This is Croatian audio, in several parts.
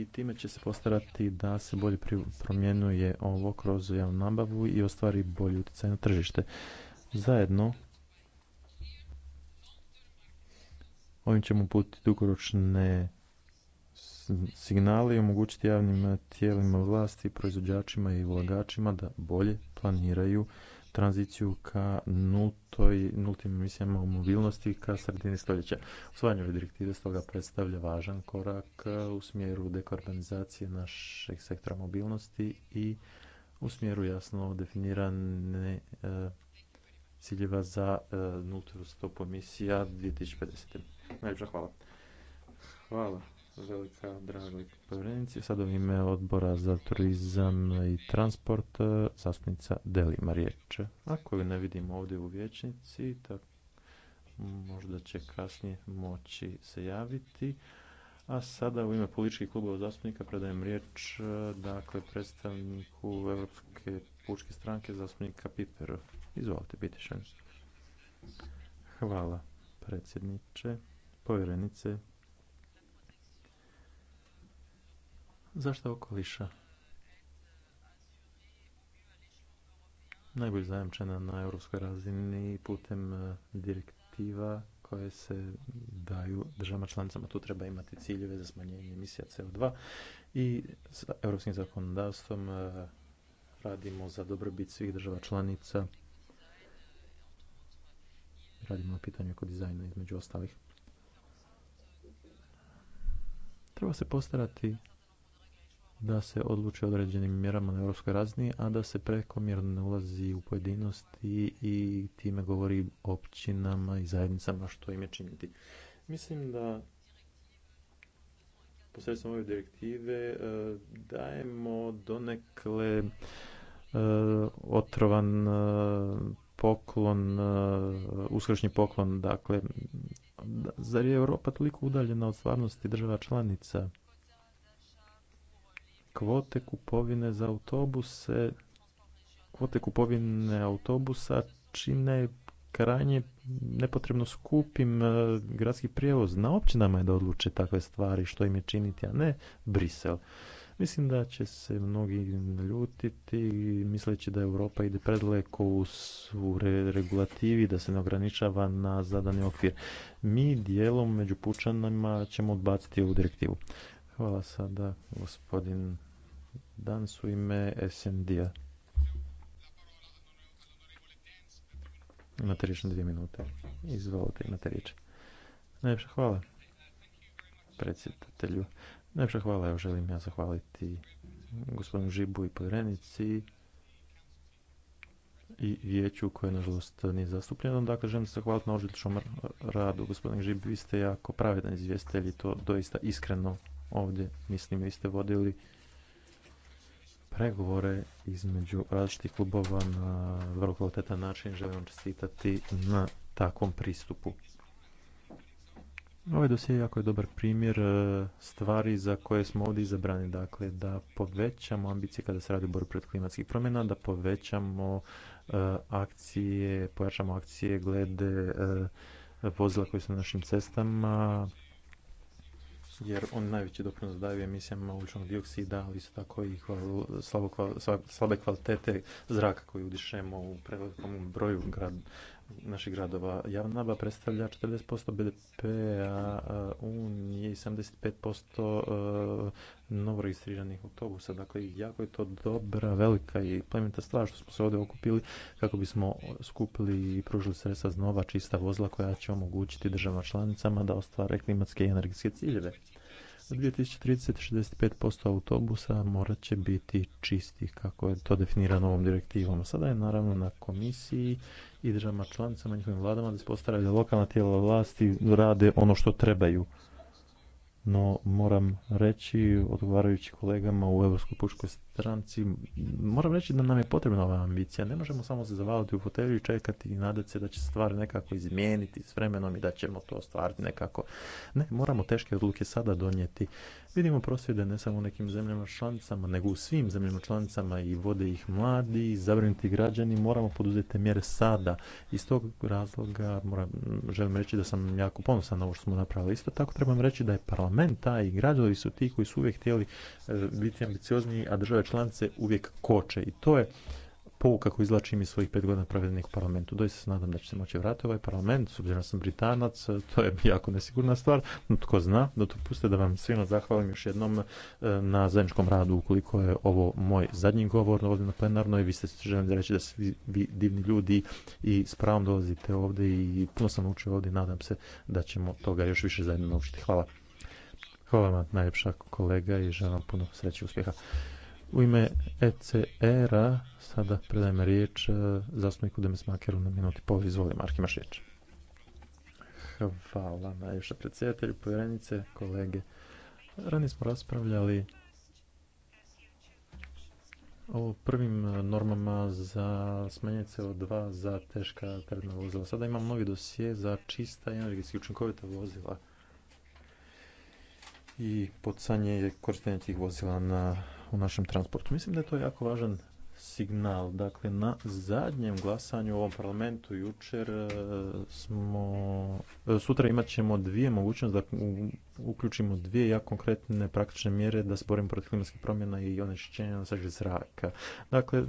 i time će se postarati da se bolje promjenjuje ovo kroz javnu nabavu i ostvari bolji utjecaj na tržište. Zajedno ovim ćemo uputiti dugoročne signale i omogućiti javnim tijelima vlasti, proizvođačima i ulagačima da bolje planiraju tranziciju ka nultoj, nultim emisijama u mobilnosti ka sredini stoljeća. Usvajanje ove direktive stoga predstavlja važan korak u smjeru dekarbonizacije našeg sektora mobilnosti i u smjeru jasno definirane e, ciljeva za e, nultu stopu emisija 2050. Najljepša hvala. Hvala Velika draga povjerenici, sad u ime odbora za turizam i transport, e, zastupnica Deli riječ. Ako ju ne vidimo ovdje u vječnici, tako možda će kasnije moći se javiti. A sada u ime političkih klubova zastupnika predajem riječ e, dakle, predstavniku Europske pučke stranke zastupnika Piperu. Izvolite, Pitišan. Hvala, predsjedniče, povjerenice, Zašto okoliša? Najbolje zajamčena na europskoj razini putem e, direktiva koje se daju državama članicama. Tu treba imati ciljeve za smanjenje emisija CO2 i s europskim zakonodavstvom e, radimo za dobrobit svih država članica. Radimo na pitanju oko dizajna između ostalih. Treba se postarati da se odluči određenim mjerama na europskoj razini, a da se prekomjerno ne ulazi u pojedinosti i time govori općinama i zajednicama što im je činiti. Mislim da posredstvom ove direktive e, dajemo donekle e, otrovan e, poklon, uskršnji poklon, dakle, zar je Europa toliko udaljena od stvarnosti država članica? kvote kupovine za autobuse kvote kupovine autobusa čine krajnje nepotrebno skupim e, gradski prijevoz. Na općinama je da odluče takve stvari, što im je činiti, a ne Brisel. Mislim da će se mnogi ljutiti misleći da Europa ide predaleko u re regulativi, da se ne ograničava na zadani okvir. Mi dijelom među pučanima ćemo odbaciti ovu direktivu. Hvala sada gospodin danas u ime SND-a. Imate riječ na dvije minute. Izvolite, imate riječ. Najljepša hvala predsjedatelju. Najljepša hvala, evo želim ja zahvaliti gospodinu Žibu i povjerenici i vijeću koje nažalost nije zastupljeno. Dakle, želim se zahvaliti na odličnom radu. Gospodin Žib, vi ste jako pravedan izvjestitelj i to doista iskreno ovdje mislim. Vi ste vodili pregovore između različitih klubova na vrlo kvalitetan način. Želim vam čestitati na takvom pristupu. Ovaj dosje jako je dobar primjer e, stvari za koje smo ovdje izabrani. Dakle, da povećamo ambicije kada se radi o borbi protiv klimatskih promjena, da povećamo e, akcije, pojačamo akcije glede e, vozila koji su na našim cestama, jer on najveći doprinos daju emisijama ugljičnog dioksida, ali isto tako i slabe kvalitete zraka koji udišemo u prevelikom broju grad, naših gradova. Javna nabava predstavlja 40% BDP-a Unije i 75% novoregistriranih autobusa. Dakle, jako je to dobra, velika i plemenita stvar što smo se ovdje okupili kako bismo skupili i pružili sredstva nova čista vozila koja će omogućiti državama članicama da ostvare klimatske i energetske ciljeve. Za 2030 65% autobusa morat će biti čistih kako je to definirano ovom direktivom. Sada je naravno na komisiji i državama članicama, i njihovim vladama da se postaraju da lokalna tijela vlasti rade ono što trebaju. No moram reći, odgovarajući kolegama u Europskoj pučkoj stranci, moram reći da nam je potrebna ova ambicija. Ne možemo samo se zavaliti u fotelju i čekati i nadati se da će stvari nekako izmijeniti s vremenom i da ćemo to ostvariti nekako. Ne, moramo teške odluke sada donijeti. Vidimo prosvjede ne samo u nekim zemljama članicama, nego u svim zemljama članicama i vode ih mladi, zabrinuti građani. Moramo poduzeti mjere sada. Iz tog razloga moram, želim reći da sam jako ponosan na ovo što smo napravili. Isto tako trebam reći da je parlament taj i građani su ti koji su uvijek htjeli eh, biti ambiciozniji, a države članice uvijek koče i to je pouka koju izlačim iz svojih pet godina pravednih u parlamentu. Doista se nadam da će se moći vratiti ovaj parlament, s obzirom sam Britanac, to je jako nesigurna stvar, no tko zna, da to da vam svima zahvalim još jednom e, na zajedničkom radu, ukoliko je ovo moj zadnji govor ovdje na plenarnoj, vi ste želim da reći da svi vi divni ljudi i s pravom dolazite ovdje i puno sam učio ovdje, nadam se da ćemo toga još više zajedno naučiti. Hvala. Hvala vam najljepša kolega i želim vam puno sreće i uspjeha. U ime ECR-a sada predajem riječ e, zastupniku Demes Makeru na minuti pol. Izvoli, Marki imaš Hvala najviše predsjedatelju, povjerenice, kolege. Ranije smo raspravljali o prvim normama za smanjenje CO2 za teška teretna vozila. Sada imam novi dosije za čista i energetski učinkovita vozila i poticanje korištenja tih vozila na u našem transportu. Mislim da je to jako važan signal. Dakle, na zadnjem glasanju u ovom parlamentu jučer e, smo, e, sutra imat ćemo dvije mogućnosti da uključimo dvije jako konkretne praktične mjere da se borimo protiv klimatskih promjena i onečišćenja šćenja zraka. Dakle,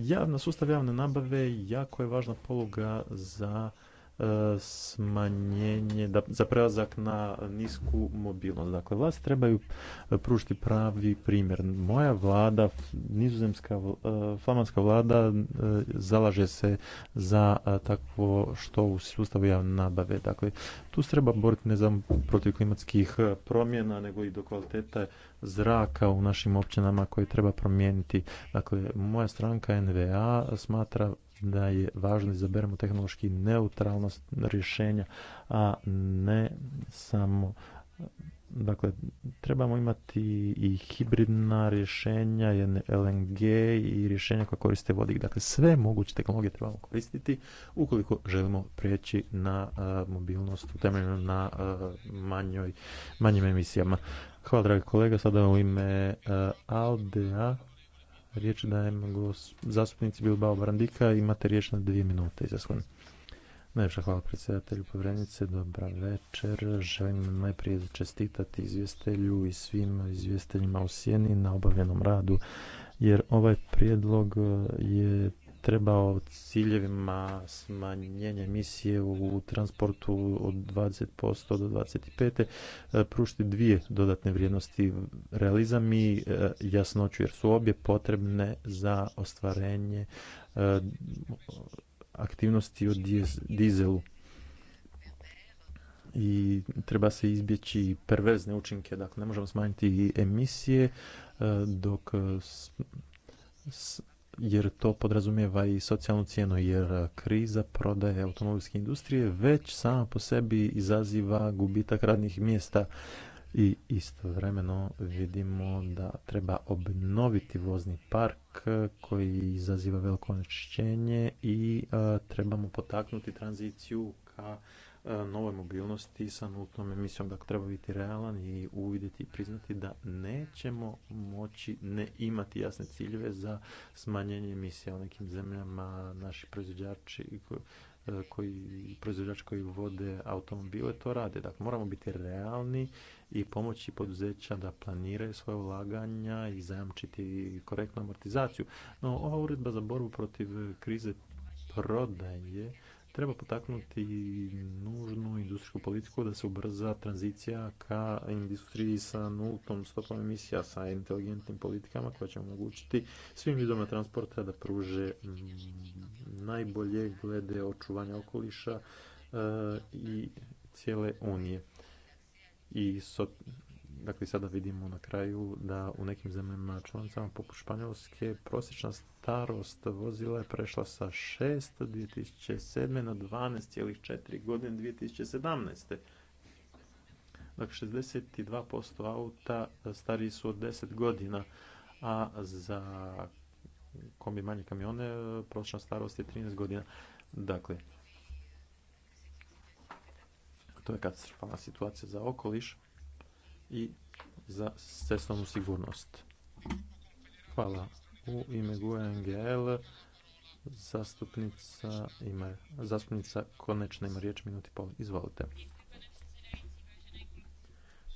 javna, sustav javne nabave jako je važna poluga za E, smanjenje, za prelazak na nisku mobilnost. Dakle, vlasti trebaju pružiti pravi primjer. Moja vlada, nizozemska, e, flamanska vlada e, zalaže se za takvo što u sustavu javne nabave. Dakle, tu se treba boriti ne samo protiv klimatskih promjena, nego i do kvalitete zraka u našim općinama koje treba promijeniti. Dakle, moja stranka NVA smatra da je važno da izaberemo tehnološki neutralnost rješenja, a ne samo Dakle, trebamo imati i hibridna rješenja, LNG i rješenja koja koriste vodik. Dakle, sve moguće tehnologije trebamo koristiti ukoliko želimo prijeći na mobilnost, mobilnost temelju na manjim emisijama. Hvala, dragi kolega. Sada u ime Aldea Riječ dajem zastupnici Bilbao Barandika. Imate riječ na dvije minute. Izaslan. Najljepša hvala predsjedatelju povrednice. Dobar večer. Želim najprije čestitati izvjestelju i svim izvjesteljima u Sjeni na obavljenom radu, jer ovaj prijedlog je treba o ciljevima smanjenja emisije u transportu od 20% do 25% eh, prušiti dvije dodatne vrijednosti realizam i eh, jasnoću jer su obje potrebne za ostvarenje eh, aktivnosti od dizelu i treba se izbjeći perverzne učinke dakle ne možemo smanjiti emisije dok jer to podrazumijeva i socijalnu cijenu, jer kriza prodaje automobilske industrije već sama po sebi izaziva gubitak radnih mjesta i istovremeno vidimo da treba obnoviti vozni park koji izaziva veliko onečišćenje i trebamo potaknuti tranziciju ka E, nove mobilnosti sa tom emisijom. Dakle, treba biti realan i uvidjeti i priznati da nećemo moći ne imati jasne ciljeve za smanjenje emisija u nekim zemljama. Naši proizvođači e, koji, proizvođači koji vode automobile to rade. Dakle, moramo biti realni i pomoći poduzeća da planiraju svoje ulaganja i zajamčiti korektnu amortizaciju. No, ova uredba za borbu protiv krize prodaje Treba potaknuti nužnu industrijsku politiku da se ubrza tranzicija ka industriji sa nultom stopom emisija, sa inteligentnim politikama koja će omogućiti svim vidovima transporta da pruže najbolje glede očuvanja okoliša e, i cijele unije. I so, dakle, sada vidimo na kraju da u nekim zemljama članicama poput Španjolske prosječna starost vozila je prešla sa 6 2007. na 12,4 godine 2017. Dakle, 62% auta stariji su od 10 godina, a za kombi manje kamione prosječna starost je 13 godina. Dakle, to je katastrofalna situacija za okoliš i za cestovnu sigurnost. Hvala u ime GUNGL e zastupnica ima, zastupnica konačna ima riječ minuti pol. Izvolite.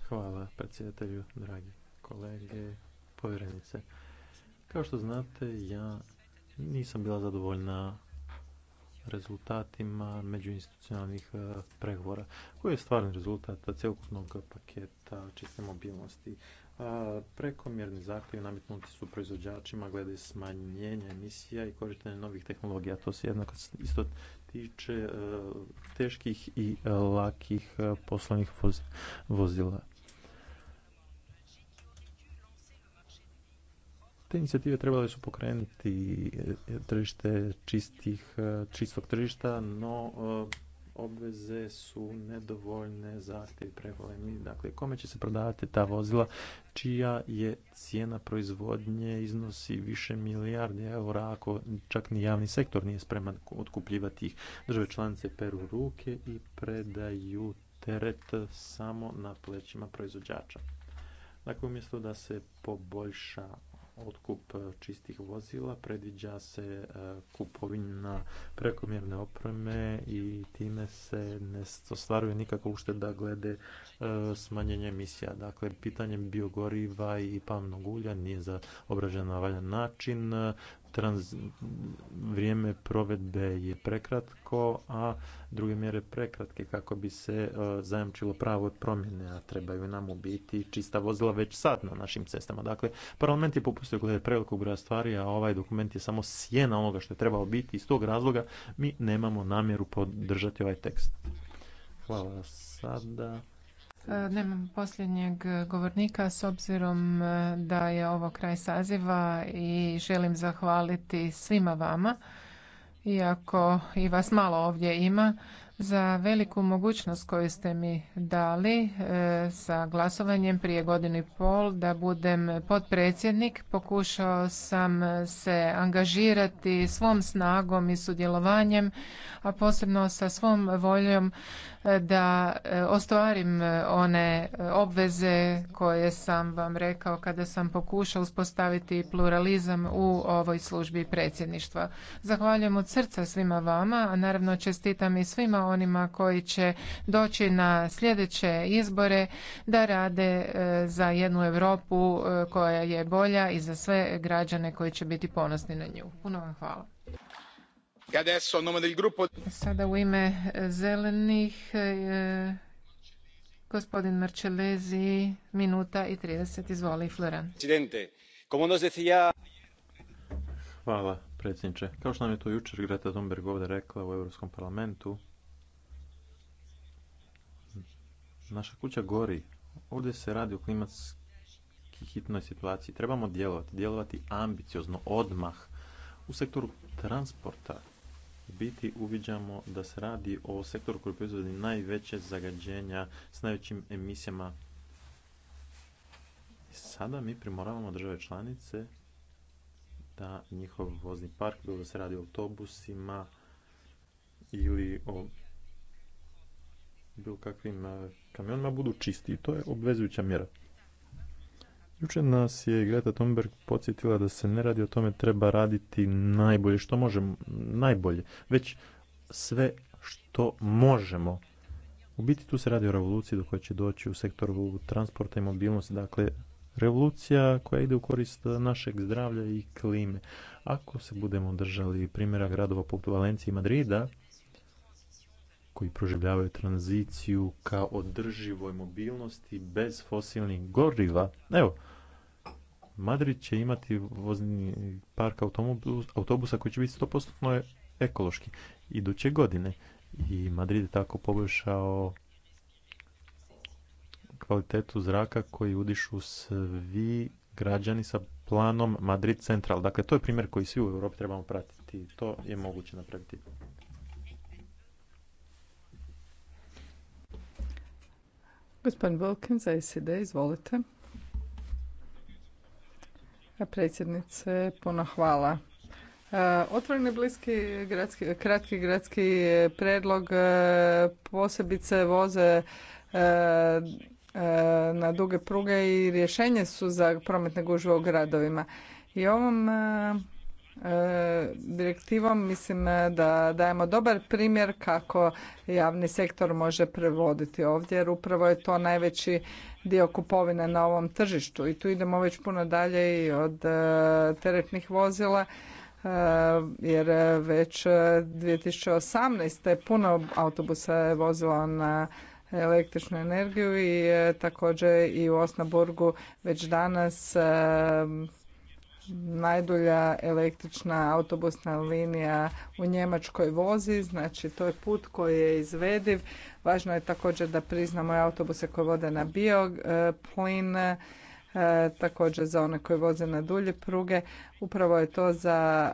Hvala predsjedatelju, dragi kolege, povjerenice. Kao što znate, ja nisam bila zadovoljna rezultatima međuinstitucionalnih e, pregovora. Koji je stvarni rezultat cjelokupnog paketa čiste mobilnosti? prekomjerni zahtjevi nametnuti su proizvođačima glede smanjenja emisija i korištenja novih tehnologija. To se jednako isto tiče e, teških i e, lakih e, poslovnih vozila. Te inicijative trebale su pokrenuti tržište čistih, čistog tržišta, no obveze su nedovoljne, zahtjevi prevolemi. Dakle, kome će se prodavati ta vozila čija je cijena proizvodnje iznosi više milijardi eura ako čak ni javni sektor nije spreman otkupljivati ih. Države članice peru ruke i predaju teret samo na plećima proizvođača. Dakle, umjesto da se poboljša otkup e, čistih vozila, predviđa se e, kupovina prekomjerne opreme i time se ne ostvaruje nikakva ušteda glede e, smanjenja emisija. Dakle, pitanje biogoriva i pamnog ulja nije obrađeno na valjan način trans, vrijeme provedbe je prekratko, a druge mjere prekratke kako bi se e, zajamčilo pravo promjene, a trebaju nam biti čista vozila već sad na našim cestama. Dakle, parlament je popustio glede prevelikog broja stvari, a ovaj dokument je samo sjena onoga što je trebao biti. Iz tog razloga mi nemamo namjeru podržati ovaj tekst. Hvala sada. E, nemam posljednjeg govornika s obzirom e, da je ovo kraj saziva i želim zahvaliti svima vama, iako i vas malo ovdje ima, za veliku mogućnost koju ste mi dali e, sa glasovanjem prije godinu i pol da budem potpredsjednik. Pokušao sam se angažirati svom snagom i sudjelovanjem, a posebno sa svom voljom da e, ostvarim e, one e, obveze koje sam vam rekao kada sam pokušao uspostaviti pluralizam u ovoj službi predsjedništva. Zahvaljujem od srca svima vama, a naravno čestitam i svima onima koji će doći na sljedeće izbore da rade za jednu Europu koja je bolja i za sve građane koji će biti ponosni na nju. Puno vam hvala. E Sada u ime eh, zelenih eh, gospodin marcellesi minuta i trideset izvoli Hvala predsjedniče. Kao što nam je to jučer Greta Thunberg ovdje rekla u Europskom parlamentu, naša kuća gori. Ovdje se radi o klimatski hitnoj situaciji. Trebamo djelovati, djelovati ambiciozno, odmah. U sektoru transporta biti uviđamo da se radi o sektoru koji proizvodi najveće zagađenja s najvećim emisijama. Sada mi primoravamo države članice da njihov vozni park, bilo da se radi o autobusima ili o bilo kakvim eh, kamionima, budu čisti. To je obvezujuća mjera. Jučer nas je Greta Thunberg podsjetila da se ne radi o tome treba raditi najbolje što možemo, najbolje, već sve što možemo. U biti tu se radi o revoluciji do koje će doći u sektoru transporta i mobilnosti, dakle revolucija koja ide u korist našeg zdravlja i klime. Ako se budemo držali primjera gradova poput Valencije i Madrida, koji proživljavaju tranziciju ka održivoj mobilnosti bez fosilnih goriva. Evo, Madrid će imati vozni park autobusa koji će biti 100% ekološki iduće godine. I Madrid je tako poboljšao kvalitetu zraka koji udišu svi građani sa planom Madrid Central. Dakle, to je primjer koji svi u Europi trebamo pratiti. To je moguće napraviti. Gospodin Wilkins, za SED, izvolite. Predsjednice, puno hvala. Otvoreni bliski kratki gradski predlog e, posebice voze e, e, na duge pruge i rješenje su za prometne gužve u gradovima. I ovom direktivom mislim eh, da dajemo dobar primjer kako javni sektor može prevoditi ovdje jer upravo je to najveći dio kupovine na ovom tržištu i tu idemo već puno dalje i od eh, teretnih vozila eh, jer već 2018. puno autobusa je vozilo na električnu energiju i također i u Osnaburgu već danas najdulja električna autobusna linija u Njemačkoj vozi, znači to je put koji je izvediv. Važno je također da priznamo i autobuse koje vode na plin, e, također za one koji voze na dulje pruge. Upravo je to za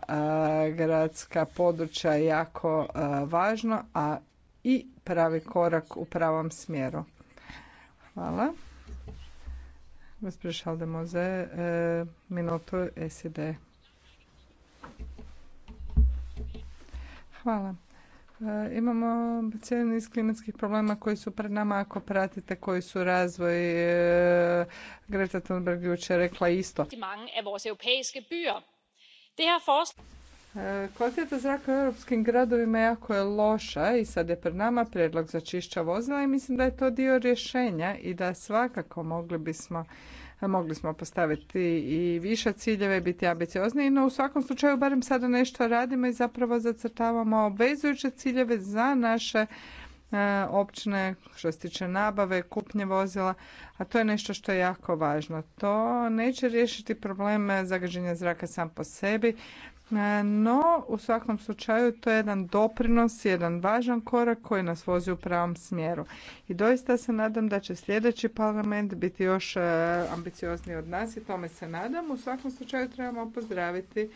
e, gradska područja jako e, važno, a i pravi korak u pravom smjeru. Hvala. Gospodin Moze, e, minutu SED. Hvala. E, imamo cijeli niz klimatskih problema koji su pred nama ako pratite koji su razvoj. E, Greta Thunberg jučer rekla isto. Kvaliteta zraka u europskim gradovima jako je loša i sad je pred nama prijedlog za čišća vozila i mislim da je to dio rješenja i da svakako mogli bismo mogli smo postaviti i više ciljeve, biti ambiciozniji, no u svakom slučaju barem sada nešto radimo i zapravo zacrtavamo obvezujuće ciljeve za naše e, općine što se tiče nabave, kupnje vozila, a to je nešto što je jako važno. To neće riješiti problem zagađenja zraka sam po sebi, no, u svakom slučaju to je jedan doprinos, jedan važan korak koji nas vozi u pravom smjeru. I doista se nadam da će sljedeći parlament biti još e, ambiciozniji od nas i tome se nadam. U svakom slučaju trebamo pozdraviti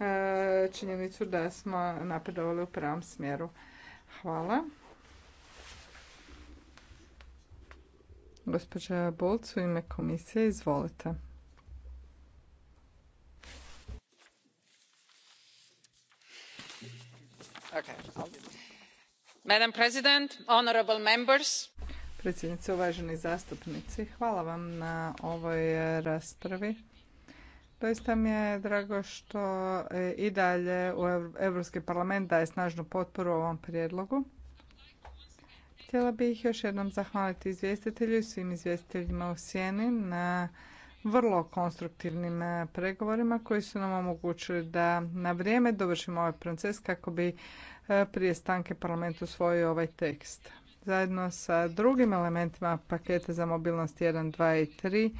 e, činjenicu da smo napredovali u pravom smjeru. Hvala. Gospođa Bolcu, ime komisije, izvolite. Madam Predsjednice, uvaženi zastupnici, hvala vam na ovoj e, raspravi. Doista mi je drago što e, i dalje u Europski parlament daje snažnu potporu ovom prijedlogu. Htjela bih još jednom zahvaliti izvjestitelju i svim izvjestiteljima u Sjeni na vrlo konstruktivnim e, pregovorima koji su nam omogućili da na vrijeme dovršimo ovaj proces kako bi E, prije stanke parlament usvojio ovaj tekst. Zajedno sa drugim elementima pakete za mobilnost 1, 2 i 3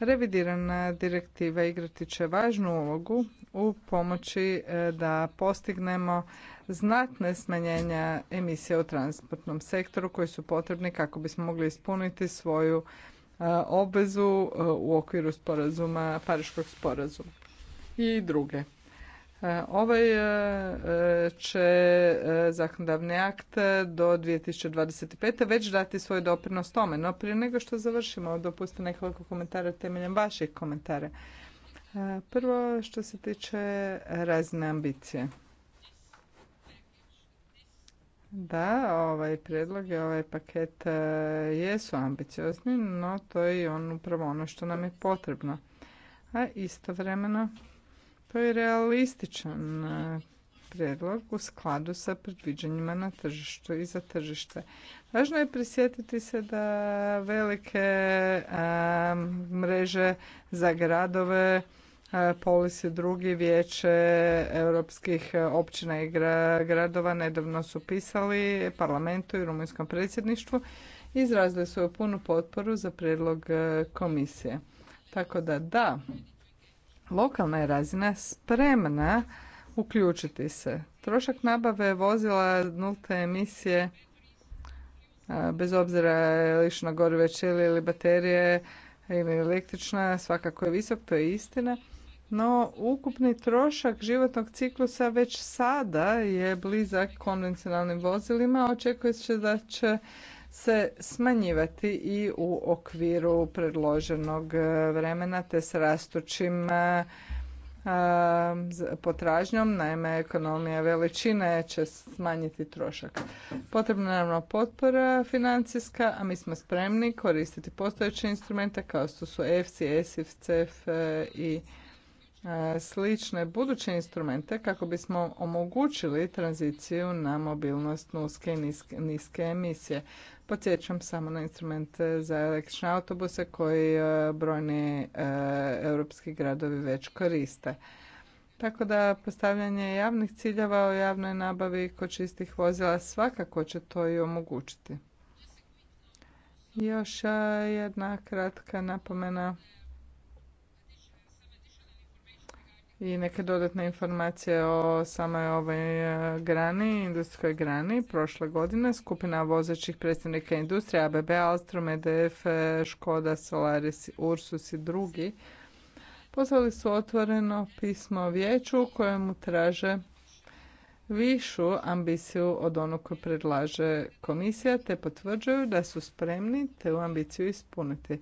revidirana direktiva igrati će važnu ulogu u pomoći e, da postignemo znatne smanjenja emisije u transportnom sektoru koji su potrebni kako bismo mogli ispuniti svoju e, obvezu u okviru sporazuma, Pariškog sporazuma i druge. E, ovaj e, će e, zakonodavni akt do 2025. već dati svoj doprinos tome, no prije nego što završimo dopustite nekoliko komentara temeljem vaših komentara. Prvo što se tiče razne ambicije. Da, ovaj prijedlog i ovaj paket jesu ambiciozni, no to je on upravo ono što nam je potrebno. A istovremeno to je realističan eh, prijedlog u skladu sa predviđanjima na tržištu i za tržište. Važno je prisjetiti se da velike eh, mreže za gradove eh, polisi drugi vijeće europskih općina i gradova nedavno su pisali parlamentu i rumunjskom predsjedništvu i izrazili su punu potporu za prijedlog komisije. Tako da da, lokalna je razina spremna uključiti se. Trošak nabave vozila nulte emisije bez obzira na gorive čelije ili baterije ili električna, svakako je visok, to je istina. No, ukupni trošak životnog ciklusa već sada je blizak konvencionalnim vozilima. Očekuje se da će se smanjivati i u okviru predloženog e, vremena te s rastućim e, potražnjom, naime ekonomija veličine će smanjiti trošak. Potrebna je naravno potpora financijska, a mi smo spremni koristiti postojeće instrumente kao što su EFC, ESIF, CEF i E, slične buduće instrumente kako bismo omogućili tranziciju na mobilnost nuske i niske, emisije. Podsjećam samo na instrumente za električne autobuse koji e, brojni e, europski gradovi već koriste. Tako da postavljanje javnih ciljeva o javnoj nabavi kod čistih vozila svakako će to i omogućiti. Još jedna kratka napomena i neke dodatne informacije o samoj ovoj e, grani, industrijskoj grani. Prošle godine skupina vozećih predstavnika industrije ABB, Alstrom, EDF, e, Škoda, Solaris, Ursus i drugi poslali su otvoreno pismo vijeću u kojemu traže višu ambiciju od onog koju predlaže komisija te potvrđuju da su spremni te u ambiciju ispuniti.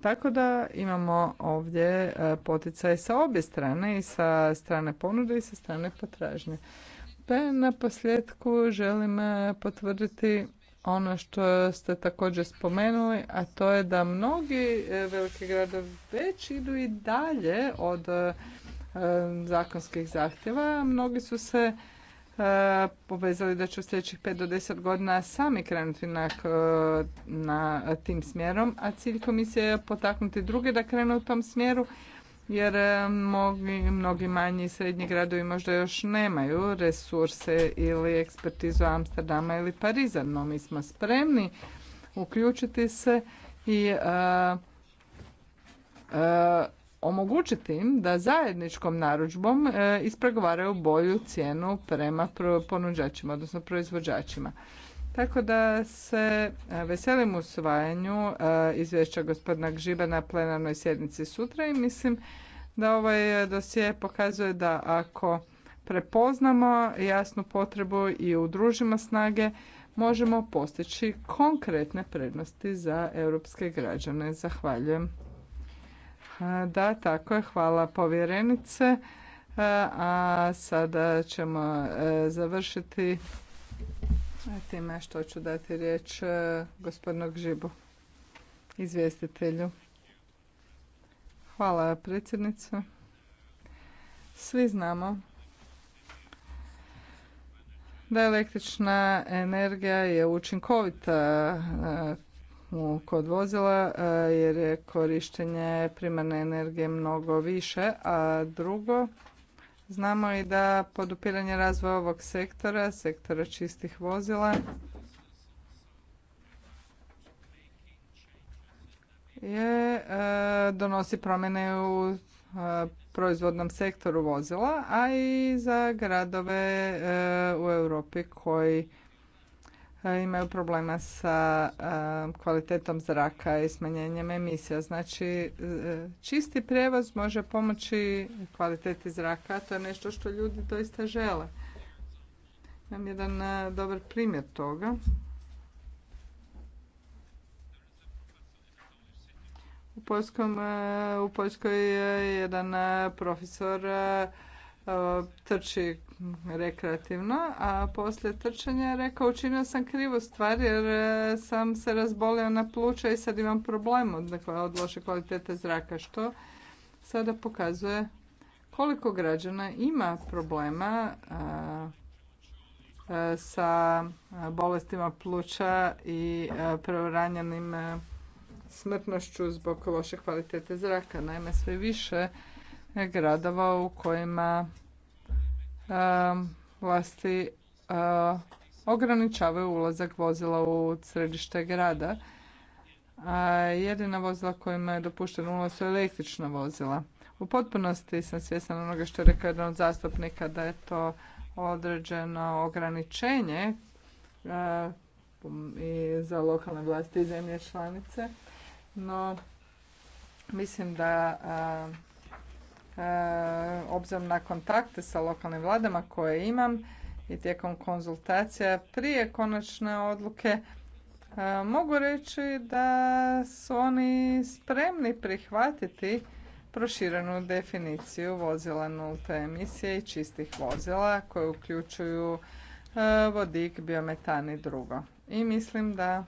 Tako da imamo ovdje e, poticaj sa obje strane i sa strane ponude i sa strane potražnje. Pa na posljedku želim e, potvrditi ono što ste također spomenuli, a to je da mnogi e, veliki gradovi već idu i dalje od zakonskih zahtjeva. Mnogi su se E, povezali da će u sljedećih 5 do 10 godina sami krenuti na, tim smjerom, a cilj komisije je potaknuti druge da krenu u tom smjeru jer e, mnogi, mnogi manji i srednji gradovi možda još nemaju resurse ili ekspertizu Amsterdama ili Pariza, no mi smo spremni uključiti se i e, omogućiti im da zajedničkom narudžbom e, ispregovaraju bolju cijenu prema ponuđačima, odnosno proizvođačima. Tako da se e, veselim usvajanju e, izvješća gospodina Gžiba na plenarnoj sjednici sutra i mislim da ovaj dosije pokazuje da ako prepoznamo jasnu potrebu i udružimo snage, možemo postići konkretne prednosti za europske građane. Zahvaljujem. Da, tako je. Hvala povjerenice. E, a sada ćemo e, završiti time što ću dati riječ e, gospodinu Žibu, izvjestitelju. Hvala predsjednice. Svi znamo da električna energija je učinkovita kod vozila e, jer je korištenje primarne energije mnogo više, a drugo znamo i da podupiranje razvoja ovog sektora, sektora čistih vozila je e, donosi promjene u e, proizvodnom sektoru vozila, a i za gradove u Europi koji E, imaju problema sa e, kvalitetom zraka i smanjenjem emisija. Znači, e, čisti prijevoz može pomoći kvaliteti zraka, to je nešto što ljudi doista žele. Imam jedan dobar primjer toga. U, u Poljskoj je jedan profesor E, trči rekreativno, a poslije trčanja rekao učinio sam krivu stvar jer e, sam se razbolio na pluća i sad imam problem dakle, od loše kvalitete zraka što sada pokazuje koliko građana ima problema e, sa bolestima pluća i preuranjenim smrtnošću zbog loše kvalitete zraka. Naime, sve više gradova u kojima vlasti ograničavaju ulazak vozila u središte grada. jedina vozila kojima je dopušten ulaz su električna vozila. U potpunosti sam svjesna onoga što je rekao jedan od zastupnika da je to određeno ograničenje i za lokalne vlasti i zemlje članice, no mislim da E, obzirom na kontakte sa lokalnim vladama koje imam i tijekom konzultacija prije konačne odluke, e, mogu reći da su oni spremni prihvatiti proširenu definiciju vozila nulte emisije i čistih vozila koje uključuju e, vodik, biometan i drugo. I mislim da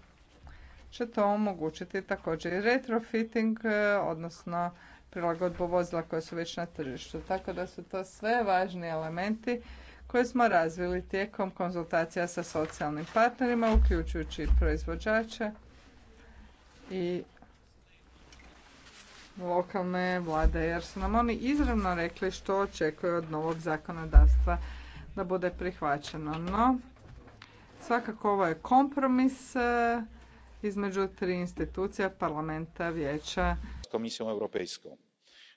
će to omogućiti također i retrofitting, odnosno prilagodbu vozila koja su već na tržištu. Tako da su to sve važni elementi koje smo razvili tijekom konzultacija sa socijalnim partnerima, uključujući proizvođače i lokalne vlade, jer su nam oni izravno rekli što očekuje od novog zakonodavstva da bude prihvaćeno. No, svakako ovo je kompromis eh, između tri institucija, parlamenta, vijeća komisją europejską.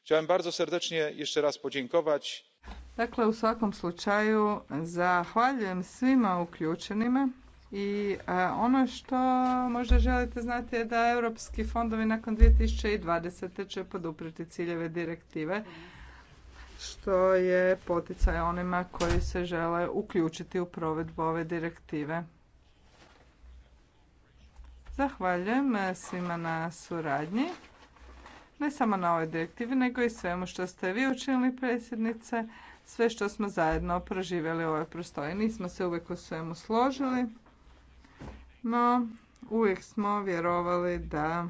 chciałem bardzo serdecznie jeszcze raz podziękować Dakle, u svakom slučaju zahvaljujem svima uključenima i e, ono što možda želite znati je da europski fondovi nakon 2020. će poduprijeti ciljeve direktive što je poticaj onima koji se žele uključiti u provedbu ove direktive. Zahvaljujem e, svima na suradnji ne samo na ovoj direktivi, nego i svemu što ste vi učinili, predsjednice, sve što smo zajedno proživjeli u ovoj prostoji. Nismo se uvijek u svemu složili, no uvijek smo vjerovali da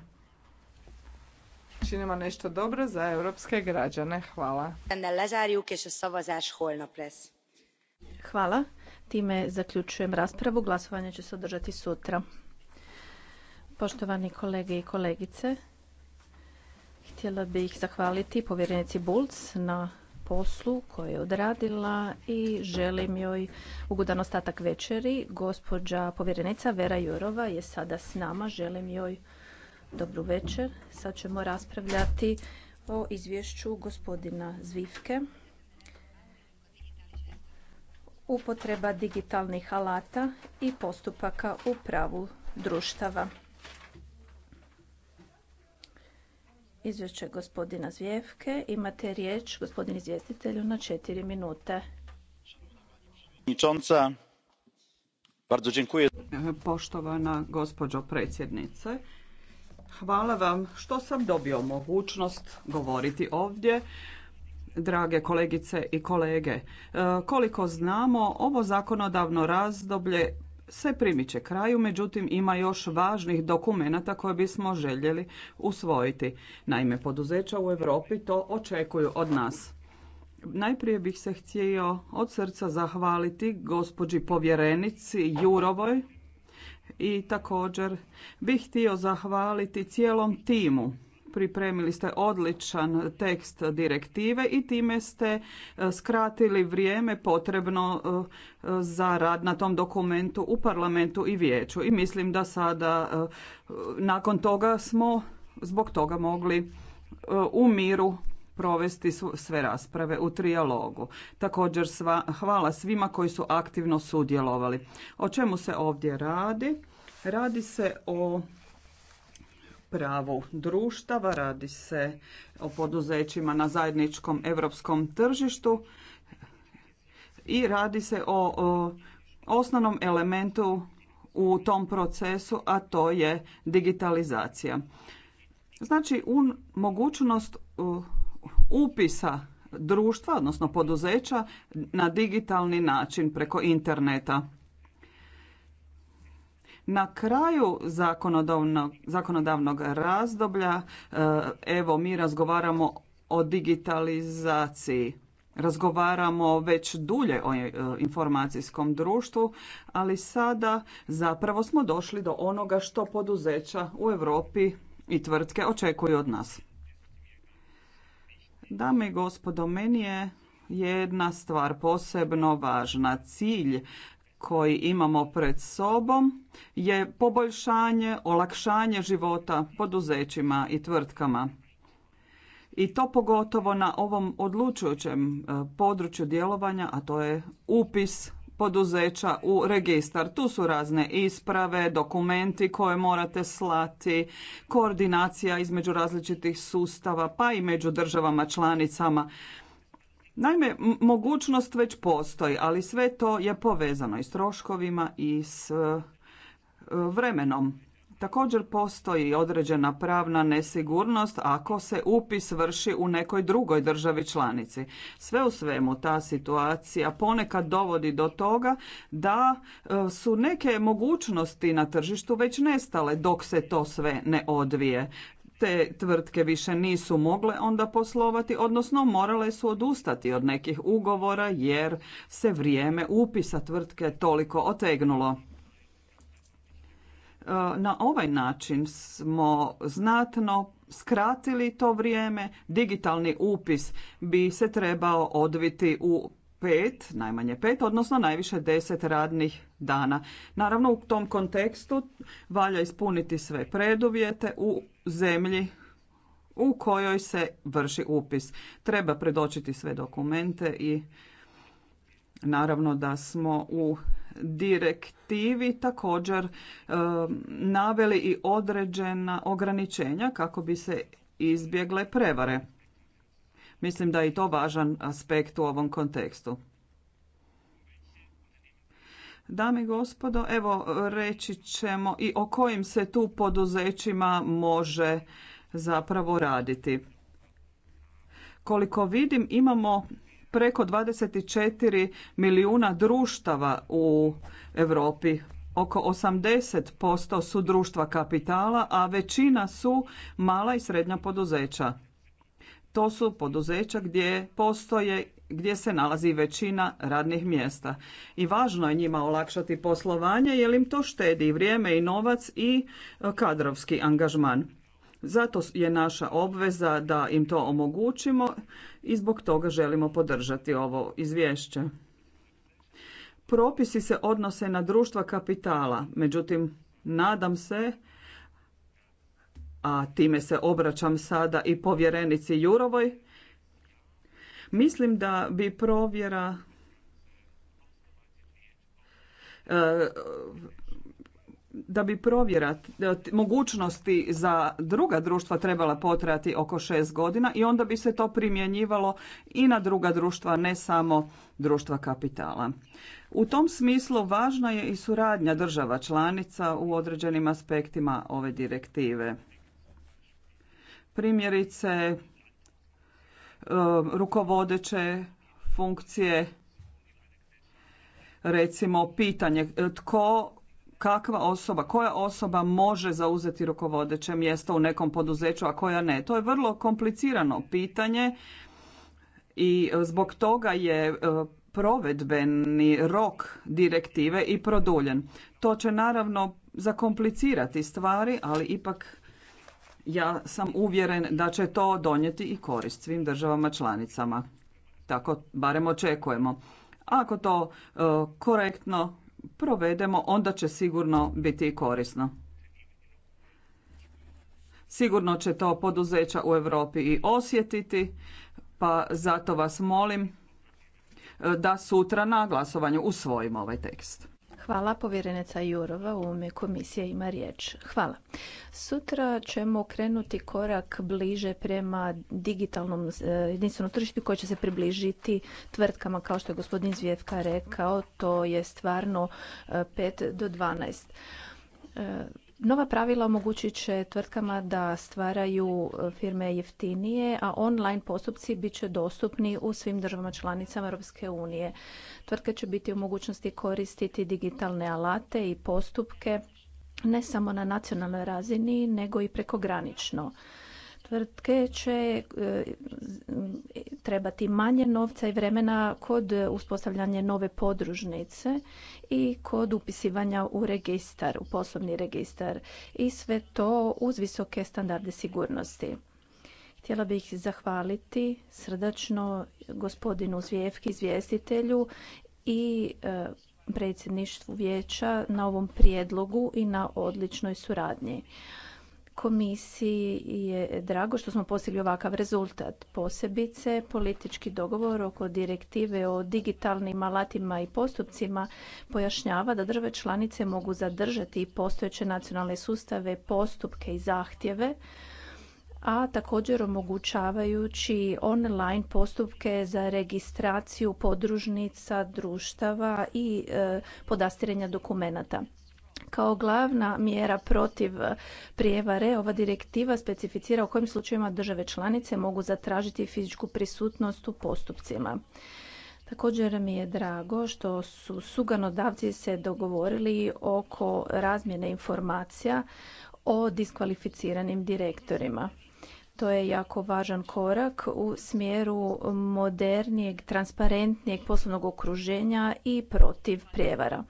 činimo nešto dobro za europske građane. Hvala. Hvala. Time zaključujem raspravu. Glasovanje će se održati sutra. Poštovani kolege i kolegice, Htjela bih zahvaliti povjerenici Bulc na poslu koju je odradila i želim joj ugodan ostatak večeri. Gospođa povjerenica Vera Jurova je sada s nama. Želim joj dobru večer. Sad ćemo raspravljati o izvješću gospodina Zvivke. Upotreba digitalnih alata i postupaka u pravu društava. Izvješće gospodina Zvijevke. Imate riječ, gospodin izvjestitelju, na četiri minute. Poštovana gospođo predsjednice, hvala vam što sam dobio mogućnost govoriti ovdje drage kolegice i kolege. E, koliko znamo, ovo zakonodavno razdoblje se primiče kraju, međutim ima još važnih dokumenata koje bismo željeli usvojiti. Naime, poduzeća u Europi to očekuju od nas. Najprije bih se htio od srca zahvaliti gospođi povjerenici Jurovoj i također bih htio zahvaliti cijelom timu pripremili ste odličan tekst direktive i time ste e, skratili vrijeme potrebno e, za rad na tom dokumentu u parlamentu i vijeću. I mislim da sada e, nakon toga smo zbog toga mogli u miru provesti sve rasprave u trijalogu. Također sva, hvala svima koji su aktivno sudjelovali. O čemu se ovdje radi? Radi se o pravu društava, radi se o poduzećima na zajedničkom europskom tržištu i radi se o, osnovnom elementu u tom procesu, a to je digitalizacija. Znači, un, mogućnost upisa društva, odnosno poduzeća, na digitalni način preko interneta. Na kraju zakonodavnog, zakonodavnog razdoblja, eh, evo mi razgovaramo o digitalizaciji. Razgovaramo već dulje o eh, informacijskom društvu, ali sada zapravo smo došli do onoga što poduzeća u Europi i tvrtke očekuju od nas. Dame i gospodo, meni je jedna stvar posebno važna. Cilj koji imamo pred sobom je poboljšanje, olakšanje života poduzećima i tvrtkama. I to pogotovo na ovom odlučujućem e, području djelovanja, a to je upis poduzeća u registar. Tu su razne isprave, dokumenti koje morate slati, koordinacija između različitih sustava, pa i među državama članicama. Naime, mogućnost već postoji, ali sve to je povezano i s troškovima i s e, vremenom. Također postoji određena pravna nesigurnost ako se upis vrši u nekoj drugoj državi članici. Sve u svemu ta situacija ponekad dovodi do toga da e, su neke mogućnosti na tržištu već nestale dok se to sve ne odvije te tvrtke više nisu mogle onda poslovati, odnosno morale su odustati od nekih ugovora jer se vrijeme upisa tvrtke toliko otegnulo. E, na ovaj način smo znatno skratili to vrijeme. Digitalni upis bi se trebao odviti u pet, najmanje pet, odnosno najviše deset radnih dana. Naravno, u tom kontekstu valja ispuniti sve preduvjete u zemlji u kojoj se vrši upis. Treba predočiti sve dokumente i naravno da smo u direktivi također e, naveli i određena ograničenja kako bi se izbjegle prevare. Mislim da je i to važan aspekt u ovom kontekstu. Dame i gospodo, evo reći ćemo i o kojim se tu poduzećima može zapravo raditi. Koliko vidim imamo preko 24 milijuna društava u Europi. Oko 80% su društva kapitala, a većina su mala i srednja poduzeća to su poduzeća gdje postoje gdje se nalazi većina radnih mjesta. I važno je njima olakšati poslovanje jer im to štedi vrijeme i novac i e, kadrovski angažman. Zato je naša obveza da im to omogućimo i zbog toga želimo podržati ovo izvješće. Propisi se odnose na društva kapitala, međutim nadam se a time se obraćam sada i povjerenici Jurovoj, mislim da bi provjera e, da bi provjera e, mogućnosti za druga društva trebala potrati oko šest godina i onda bi se to primjenjivalo i na druga društva, ne samo društva kapitala. U tom smislu važna je i suradnja država članica u određenim aspektima ove direktive primjerice e, rukovodeće funkcije, recimo pitanje e, tko kakva osoba, koja osoba može zauzeti rukovodeće mjesto u nekom poduzeću, a koja ne. To je vrlo komplicirano pitanje i e, zbog toga je provedbeni rok direktive i produljen. To će naravno zakomplicirati stvari, ali ipak ja sam uvjeren da će to donijeti i korist svim državama članicama. Tako barem očekujemo. Ako to e, korektno provedemo, onda će sigurno biti korisno. Sigurno će to poduzeća u Europi i osjetiti, pa zato vas molim e, da sutra na glasovanju usvojimo ovaj tekst. Hvala, povjerenica Jurova u ime komisije ima riječ. Hvala. Sutra ćemo krenuti korak bliže prema digitalnom e, jedinstvenom tržištu koji će se približiti tvrtkama kao što je gospodin Zvijevka rekao, to je stvarno 5 e, do 12 Nova pravila omogućit će tvrtkama da stvaraju e, firme jeftinije, a online postupci bit će dostupni u svim državama članicama Europske unije. Tvrtke će biti u mogućnosti koristiti digitalne alate i postupke ne samo na nacionalnoj razini, nego i prekogranično tvrtke će e, trebati manje novca i vremena kod uspostavljanja nove podružnice i kod upisivanja u registar, u poslovni registar i sve to uz visoke standarde sigurnosti. Htjela bih zahvaliti srdačno gospodinu Zvijevki, izvjestitelju i e, predsjedništvu vijeća na ovom prijedlogu i na odličnoj suradnji. Komisiji je drago što smo postigli ovakav rezultat, posebice politički dogovor oko direktive o digitalnim alatima i postupcima pojašnjava da države članice mogu zadržati postojeće nacionalne sustave, postupke i zahtjeve, a također omogućavajući online postupke za registraciju podružnica, društava i e, podastiranja dokumenata. Kao glavna mjera protiv prijevare, ova direktiva specificira u kojim slučajevima države članice mogu zatražiti fizičku prisutnost u postupcima. Također mi je drago što su suganodavci se dogovorili oko razmjene informacija o diskvalificiranim direktorima. To je jako važan korak u smjeru modernijeg, transparentnijeg poslovnog okruženja i protiv prijevara.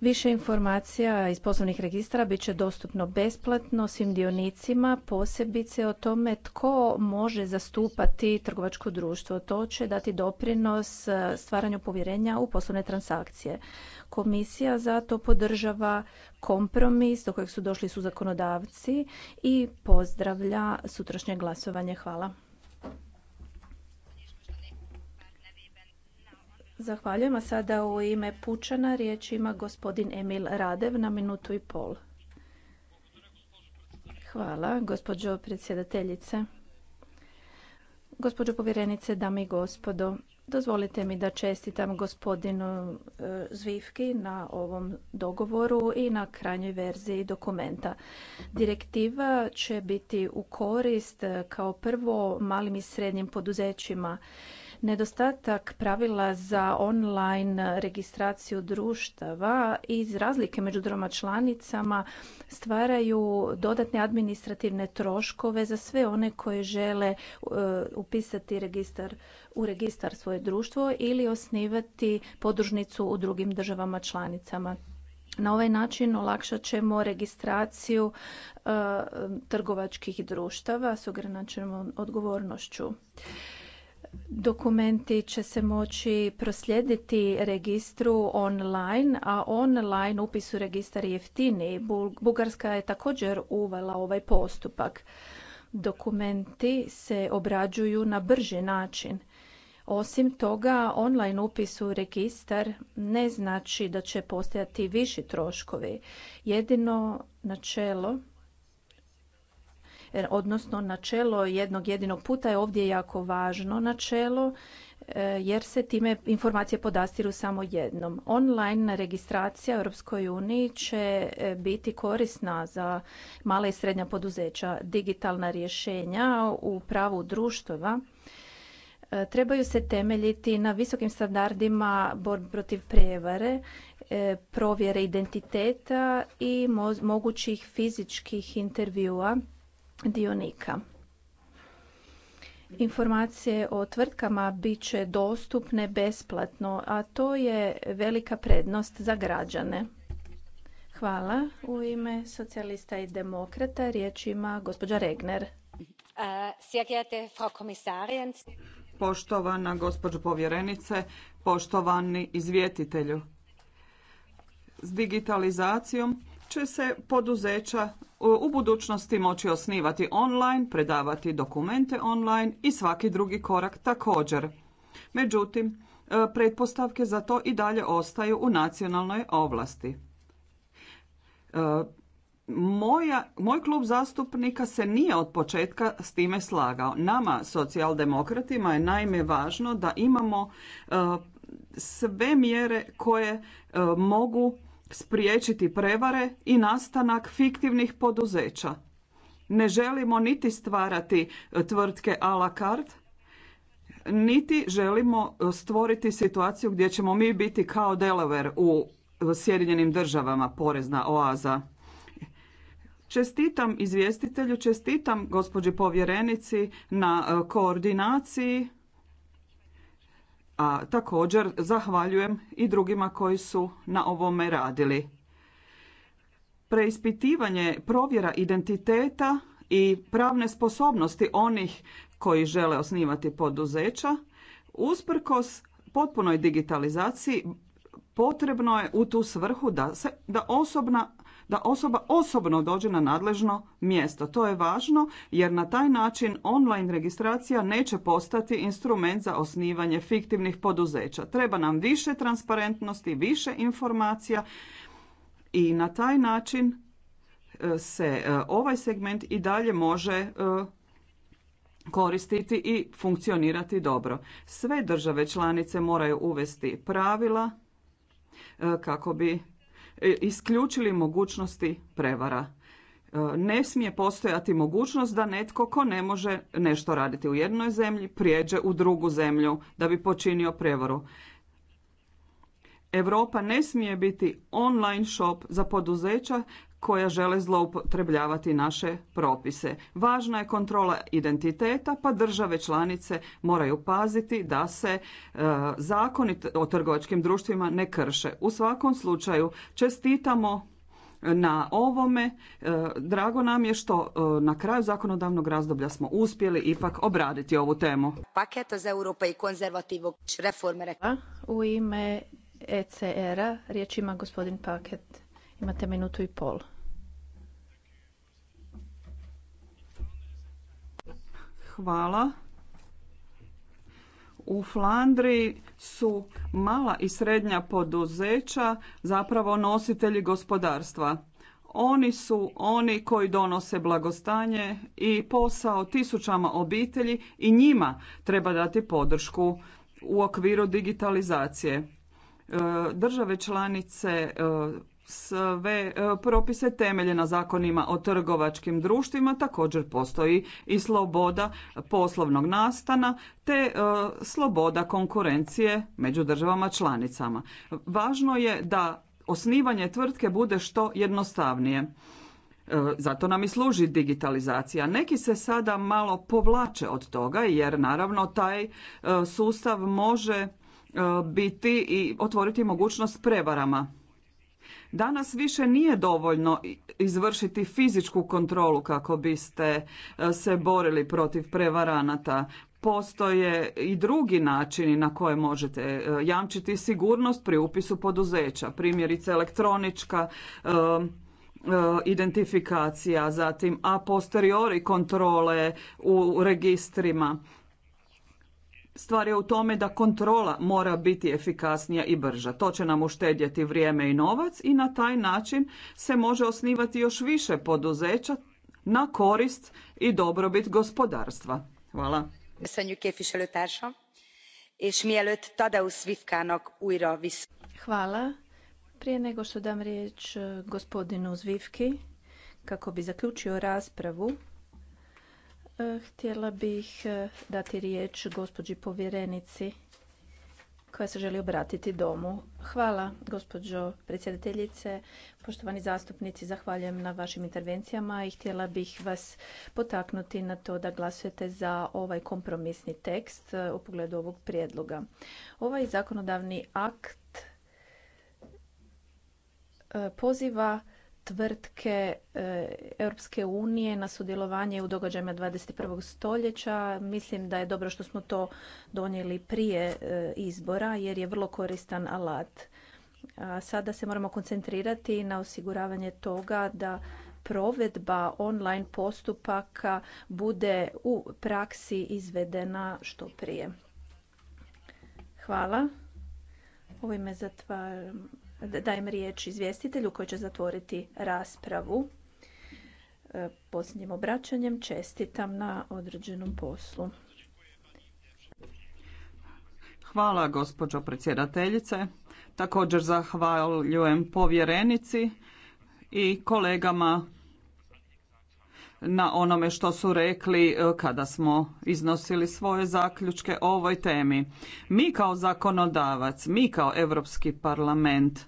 Više informacija iz poslovnih registra bit će dostupno besplatno svim dionicima, posebice o tome tko može zastupati trgovačko društvo. To će dati doprinos e, stvaranju povjerenja u poslovne transakcije. Komisija za to podržava kompromis do kojeg su došli su zakonodavci i pozdravlja sutrašnje glasovanje. Hvala. Zahvaljujem, a sada u ime Pučana riječ ima gospodin Emil Radev na minutu i pol. Hvala, gospođo predsjedateljice. Gospođo povjerenice, dame i gospodo, dozvolite mi da čestitam gospodinu e, Zvivki na ovom dogovoru i na krajnjoj verziji dokumenta. Direktiva će biti u korist e, kao prvo malim i srednjim poduzećima Nedostatak pravila za online registraciju društava iz razlike među drugama članicama stvaraju dodatne administrativne troškove za sve one koje žele e, upisati registar, u registar svoje društvo ili osnivati podružnicu u drugim državama članicama. Na ovaj način olakšat ćemo registraciju e, trgovačkih društava s ograničenom odgovornošću. Dokumenti će se moći proslijediti registru online, a online upis u registar je jeftiniji. Bugarska je također uvela ovaj postupak. Dokumenti se obrađuju na brži način. Osim toga, online upis u registar ne znači da će postojati viši troškovi. Jedino načelo E, odnosno načelo jednog jedinog puta je ovdje jako važno načelo e, jer se time informacije podastiru samo jednom. Online registracija u EU će e, biti korisna za mala i srednja poduzeća. Digitalna rješenja u pravu društava trebaju se temeljiti na visokim standardima borbe protiv prevare, provjere identiteta i mogućih fizičkih intervjua dionika. Informacije o tvrtkama bit će dostupne besplatno, a to je velika prednost za građane. Hvala. U ime socijalista i demokrata riječ ima gospođa Regner. Poštovana gospođo povjerenice, poštovani izvjetitelju. S digitalizacijom će se poduzeća e, u budućnosti moći osnivati online, predavati dokumente online i svaki drugi korak također. Međutim, e, pretpostavke za to i dalje ostaju u nacionalnoj ovlasti. E, moja, moj klub zastupnika se nije od početka s time slagao. Nama, socijaldemokratima, je naime važno da imamo sve mjere koje mogu spriječiti prevare i nastanak fiktivnih poduzeća. Ne želimo niti stvarati e, tvrtke a la carte, niti želimo e, stvoriti situaciju gdje ćemo mi biti kao Delaware u e, Sjedinjenim državama, porezna oaza. Čestitam izvjestitelju, čestitam gospođi povjerenici na koordinaciji a također zahvaljujem i drugima koji su na ovome radili. Preispitivanje provjera identiteta i pravne sposobnosti onih koji žele osnivati poduzeća usprkos potpunoj digitalizaciji potrebno je u tu svrhu da, se, da osobna da osoba osobno dođe na nadležno mjesto. To je važno jer na taj način online registracija neće postati instrument za osnivanje fiktivnih poduzeća. Treba nam više transparentnosti, više informacija i na taj način e, se e, ovaj segment i dalje može e, koristiti i funkcionirati dobro. Sve države članice moraju uvesti pravila kako bi E, isključili mogućnosti prevara. E, ne smije postojati mogućnost da netko ko ne može nešto raditi u jednoj zemlji prijeđe u drugu zemlju da bi počinio prevaru. Europa ne smije biti online shop za poduzeća koja žele zloupotrebljavati naše propise. Važna je kontrola identiteta, pa države članice moraju paziti da se e, zakoni o trgovačkim društvima ne krše. U svakom slučaju čestitamo na ovome. E, drago nam je što e, na kraju zakonodavnog razdoblja smo uspjeli ipak obraditi ovu temu. Paketa za Europa i konzervativog reformere. U ime ECR-a riječ ima gospodin Paket. Imate minutu i pol. Hvala. U Flandri su mala i srednja poduzeća zapravo nositelji gospodarstva. Oni su oni koji donose blagostanje i posao tisućama obitelji i njima treba dati podršku u okviru digitalizacije. E, države članice e, sve e, propise temelje na zakonima o trgovačkim društvima također postoji i sloboda poslovnog nastana te e, sloboda konkurencije među državama članicama. Važno je da osnivanje tvrtke bude što jednostavnije. E, zato nam i služi digitalizacija. Neki se sada malo povlače od toga jer naravno taj sustav može biti i otvoriti mogućnost prevarama. Danas više nije dovoljno izvršiti fizičku kontrolu kako biste e, se borili protiv prevaranata. Postoje i drugi načini na koje možete e, jamčiti sigurnost pri upisu poduzeća, primjerice elektronička e, identifikacija, zatim a posteriori kontrole u registrima Stvar je u tome da kontrola mora biti efikasnija i brža. To će nam uštedjeti vrijeme i novac i na taj način se može osnivati još više poduzeća na korist i dobrobit gospodarstva. Hvala. Hvala. Prije nego što dam riječ eh, gospodinu Zvivki kako bi zaključio raspravu, E, htjela bih e, dati riječ gospođi povjerenici koja se želi obratiti domu. Hvala gospođo predsjedateljice, poštovani zastupnici, zahvaljujem na vašim intervencijama i htjela bih vas potaknuti na to da glasujete za ovaj kompromisni tekst e, u pogledu ovog prijedloga. Ovaj zakonodavni akt poziva tvrtke e, Europske unije na sudjelovanje u događajima 21. stoljeća. Mislim da je dobro što smo to donijeli prije e, izbora jer je vrlo koristan alat. sada se moramo koncentrirati na osiguravanje toga da provedba online postupaka bude u praksi izvedena što prije. Hvala. Ovime zatvaram dajem riječ izvjestitelju koji će zatvoriti raspravu. E, posljednjim obraćanjem čestitam na određenom poslu. Hvala gospođo predsjedateljice. Također zahvaljujem povjerenici i kolegama na onome što su rekli e, kada smo iznosili svoje zaključke o ovoj temi. Mi kao zakonodavac, mi kao Europski parlament e,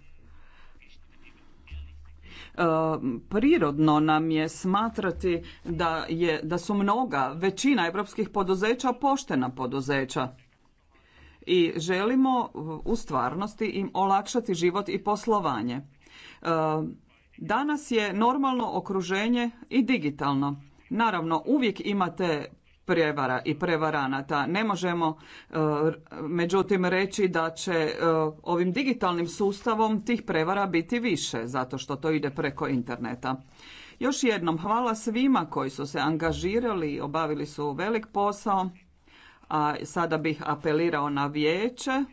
prirodno nam je smatrati da, je, da su mnoga, većina europskih poduzeća poštena poduzeća i želimo u stvarnosti im olakšati život i poslovanje. E, Danas je normalno okruženje i digitalno. Naravno, uvijek imate prevara i prevaranata. Ne možemo e, međutim reći da će e, ovim digitalnim sustavom tih prevara biti više zato što to ide preko interneta. Još jednom hvala svima koji su se angažirali, i obavili su velik posao. A sada bih apelirao na vijeće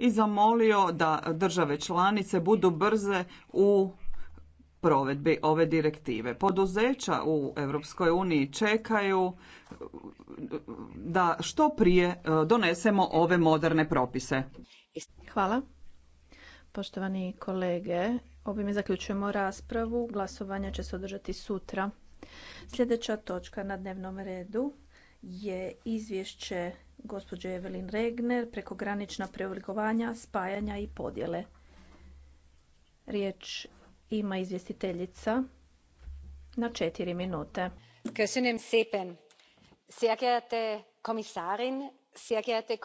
i zamolio da države članice budu brze u provedbi ove direktive. Poduzeća u Europskoj uniji čekaju eh, da što prije eh, donesemo ove moderne propise. Hvala. Poštovani kolege, ovime zaključujemo raspravu. Glasovanje će se održati sutra. Sljedeća točka na dnevnom redu je izvješće gospođo Evelin Regner, prekogranična preoblikovanja, spajanja i podjele. Riječ ima izvjestiteljica na četiri minute. Sehr geehrte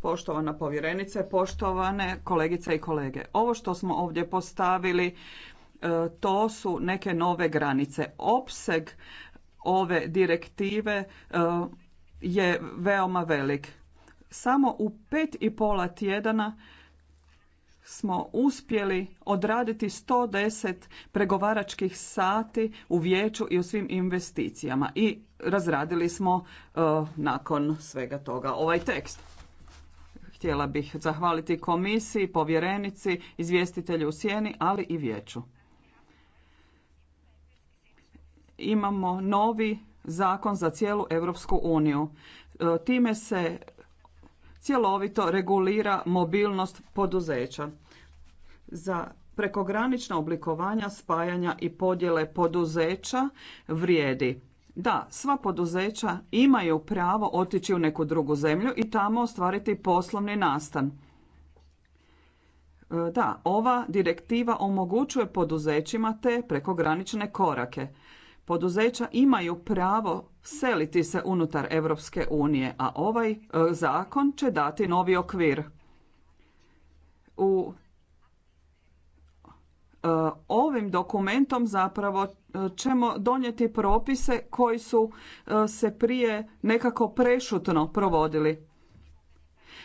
Poštovana povjerenice, poštovane kolegice i kolege. Ovo što smo ovdje postavili e, to su neke nove granice. Opseg ove direktive e, je veoma velik. Samo u pet i pola tjedana smo uspjeli odraditi 110 pregovaračkih sati u vijeću i u svim investicijama i razradili smo e, nakon svega toga ovaj tekst. Htjela bih zahvaliti komisiji, povjerenici, izvjestitelju u sjeni, ali i vijeću. Imamo novi zakon za cijelu Europsku uniju. E, time se cjelovito regulira mobilnost poduzeća. Za prekogranična oblikovanja, spajanja i podjele poduzeća vrijedi da, sva poduzeća imaju pravo otići u neku drugu zemlju i tamo ostvariti poslovni nastan. E, da, ova direktiva omogućuje poduzećima te prekogranične korake poduzeća imaju pravo seliti se unutar Europske unije, a ovaj e, zakon će dati novi okvir. U e, ovim dokumentom zapravo e, ćemo donijeti propise koji su se prije nekako prešutno provodili.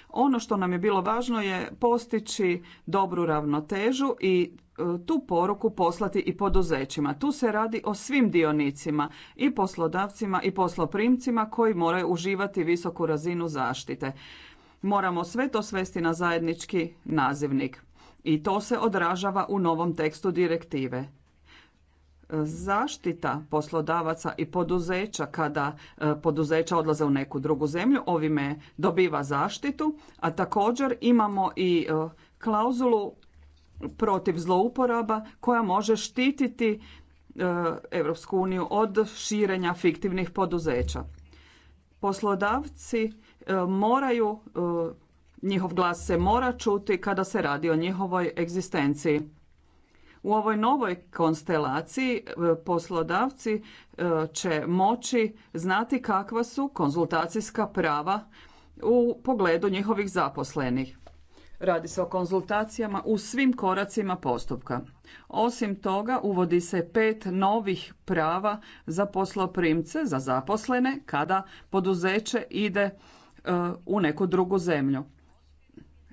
Ono što nam je bilo važno je postići dobru ravnotežu i E, tu poruku poslati i poduzećima. Tu se radi o svim dionicima, i poslodavcima i posloprimcima koji moraju uživati visoku razinu zaštite. Moramo sve to svesti na zajednički nazivnik i to se odražava u novom tekstu direktive. E, zaštita poslodavaca i poduzeća kada e, poduzeća odlaze u neku drugu zemlju, ovime dobiva zaštitu, a također imamo i klauzulu protiv zlouporaba koja može štititi Europsku uniju od širenja fiktivnih poduzeća. Poslodavci e, moraju, e, njihov glas se mora čuti kada se radi o njihovoj egzistenciji. U ovoj novoj konstelaciji e, poslodavci će moći znati kakva su konzultacijska prava u pogledu njihovih zaposlenih. Radi se o konzultacijama u svim koracima postupka. Osim toga, uvodi se pet novih prava za posloprimce, za zaposlene, kada poduzeće ide uh, u neku drugu zemlju.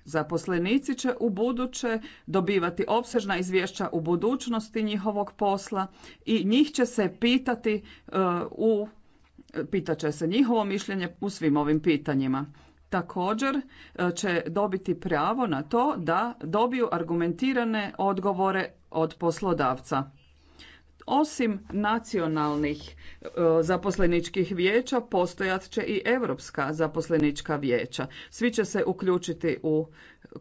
Zaposlenici će u buduće dobivati opsežna izvješća u budućnosti njihovog posla i njih će se pitati uh, u pitat će se njihovo mišljenje u svim ovim pitanjima također e, će dobiti pravo na to da dobiju argumentirane odgovore od poslodavca. Osim nacionalnih e, zaposleničkih vijeća postojat će i europska zaposlenička vijeća. Svi će se uključiti u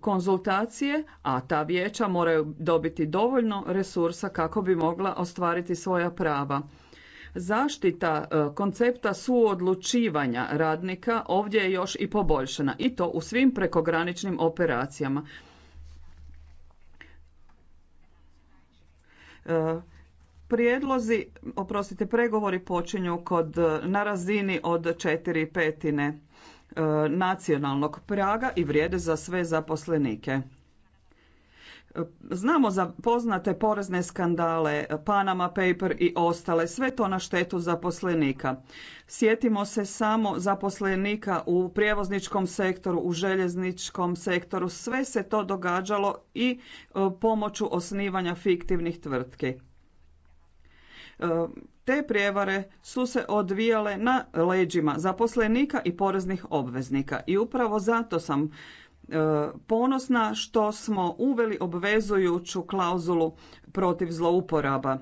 konzultacije, a ta vijeća moraju dobiti dovoljno resursa kako bi mogla ostvariti svoja prava. Zaštita e, koncepta suodlučivanja radnika ovdje je još i poboljšana i to u svim prekograničnim operacijama. E, prijedlozi, oprostite, pregovori počinju kod, na razini od četiri petine e, nacionalnog praga i vrijede za sve zaposlenike. Znamo za poznate porezne skandale, Panama Paper i ostale, sve to na štetu zaposlenika. Sjetimo se samo zaposlenika u prijevozničkom sektoru, u željezničkom sektoru, sve se to događalo i e, pomoću osnivanja fiktivnih tvrtki. E, te prijevare su se odvijale na leđima zaposlenika i poreznih obveznika i upravo zato sam ponosna što smo uveli obvezujuću klauzulu protiv zlouporaba.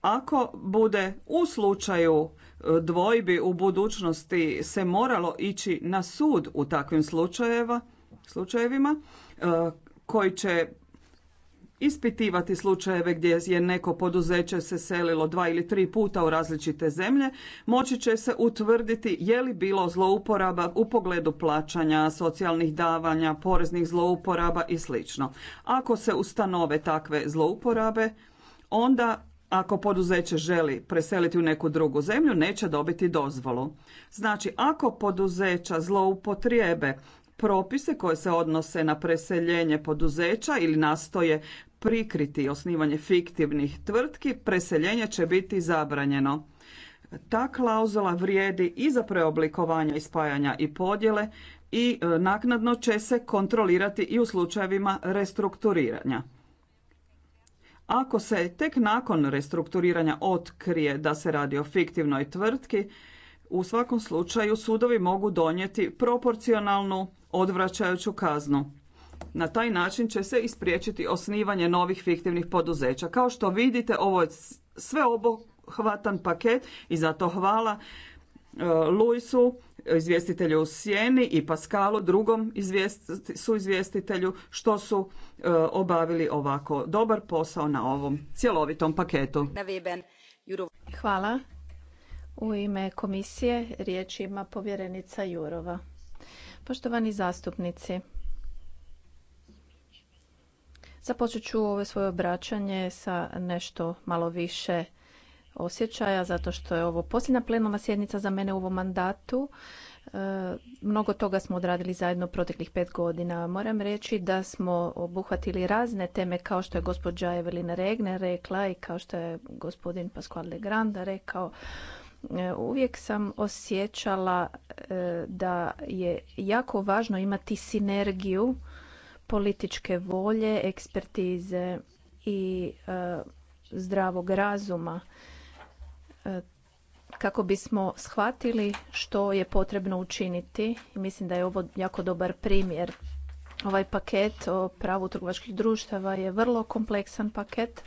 Ako bude u slučaju e, dvojbi u budućnosti se moralo ići na sud u takvim slučajevima e, koji će ispitivati slučajeve gdje je neko poduzeće se selilo dva ili tri puta u različite zemlje, moći će se utvrditi je li bilo zlouporaba u pogledu plaćanja, socijalnih davanja, poreznih zlouporaba i sl. Ako se ustanove takve zlouporabe, onda ako poduzeće želi preseliti u neku drugu zemlju, neće dobiti dozvolu. Znači, ako poduzeća zloupotrijebe propise koje se odnose na preseljenje poduzeća ili nastoje prikriti osnivanje fiktivnih tvrtki, preseljenje će biti zabranjeno. Ta klauzula vrijedi i za preoblikovanje, i spajanja i podjele i e, naknadno će se kontrolirati i u slučajevima restrukturiranja. Ako se tek nakon restrukturiranja otkrije da se radi o fiktivnoj tvrtki, u svakom slučaju sudovi mogu donijeti proporcionalnu odvraćajuću kaznu. Na taj način će se ispriječiti osnivanje novih fiktivnih poduzeća. Kao što vidite, ovo je sveobuhvatan paket i zato hvala e, Luisu, izvjestitelju u Sjeni i Paskalu, drugom su izvjestitelju, što su e, obavili ovako dobar posao na ovom cjelovitom paketu. Hvala. U ime komisije riječ ima povjerenica Jurova. Poštovani zastupnici, Započet ću ovo svoje obraćanje sa nešto malo više osjećaja, zato što je ovo posljedna plenoma sjednica za mene u ovom mandatu. E, mnogo toga smo odradili zajedno proteklih pet godina. Moram reći da smo obuhvatili razne teme kao što je gospođa Evelina Regner rekla i kao što je gospodin de Granda rekao. E, uvijek sam osjećala e, da je jako važno imati sinergiju političke volje, ekspertize i e, zdravog razuma e, kako bismo shvatili što je potrebno učiniti. Mislim da je ovo jako dobar primjer. Ovaj paket o pravu trgovačkih društava je vrlo kompleksan paket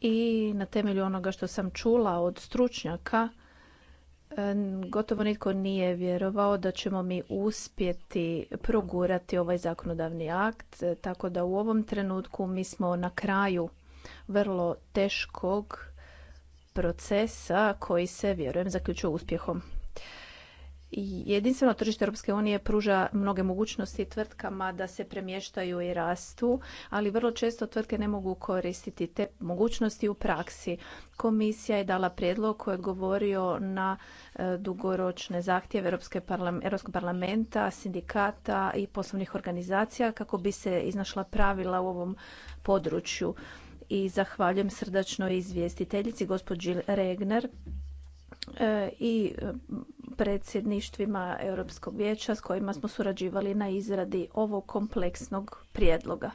i na temelju onoga što sam čula od stručnjaka gotovo nitko nije vjerovao da ćemo mi uspjeti progurati ovaj zakonodavni akt, e, tako da u ovom trenutku mi smo na kraju vrlo teškog procesa koji se, vjerujem, zaključuje uspjehom. Jedinstveno tržište Europske unije pruža mnoge mogućnosti tvrtkama da se premještaju i rastu, ali vrlo često tvrtke ne mogu koristiti te mogućnosti u praksi. Komisija je dala prijedlog koji je odgovorio na e, dugoročne zahtjeve Europskog parlamenta, sindikata i poslovnih organizacija kako bi se iznašla pravila u ovom području. I zahvaljujem srdačno izvjestiteljici gospođi Regner E, i e, predsjedništvima Europskog vijeća s kojima smo surađivali na izradi ovog kompleksnog prijedloga.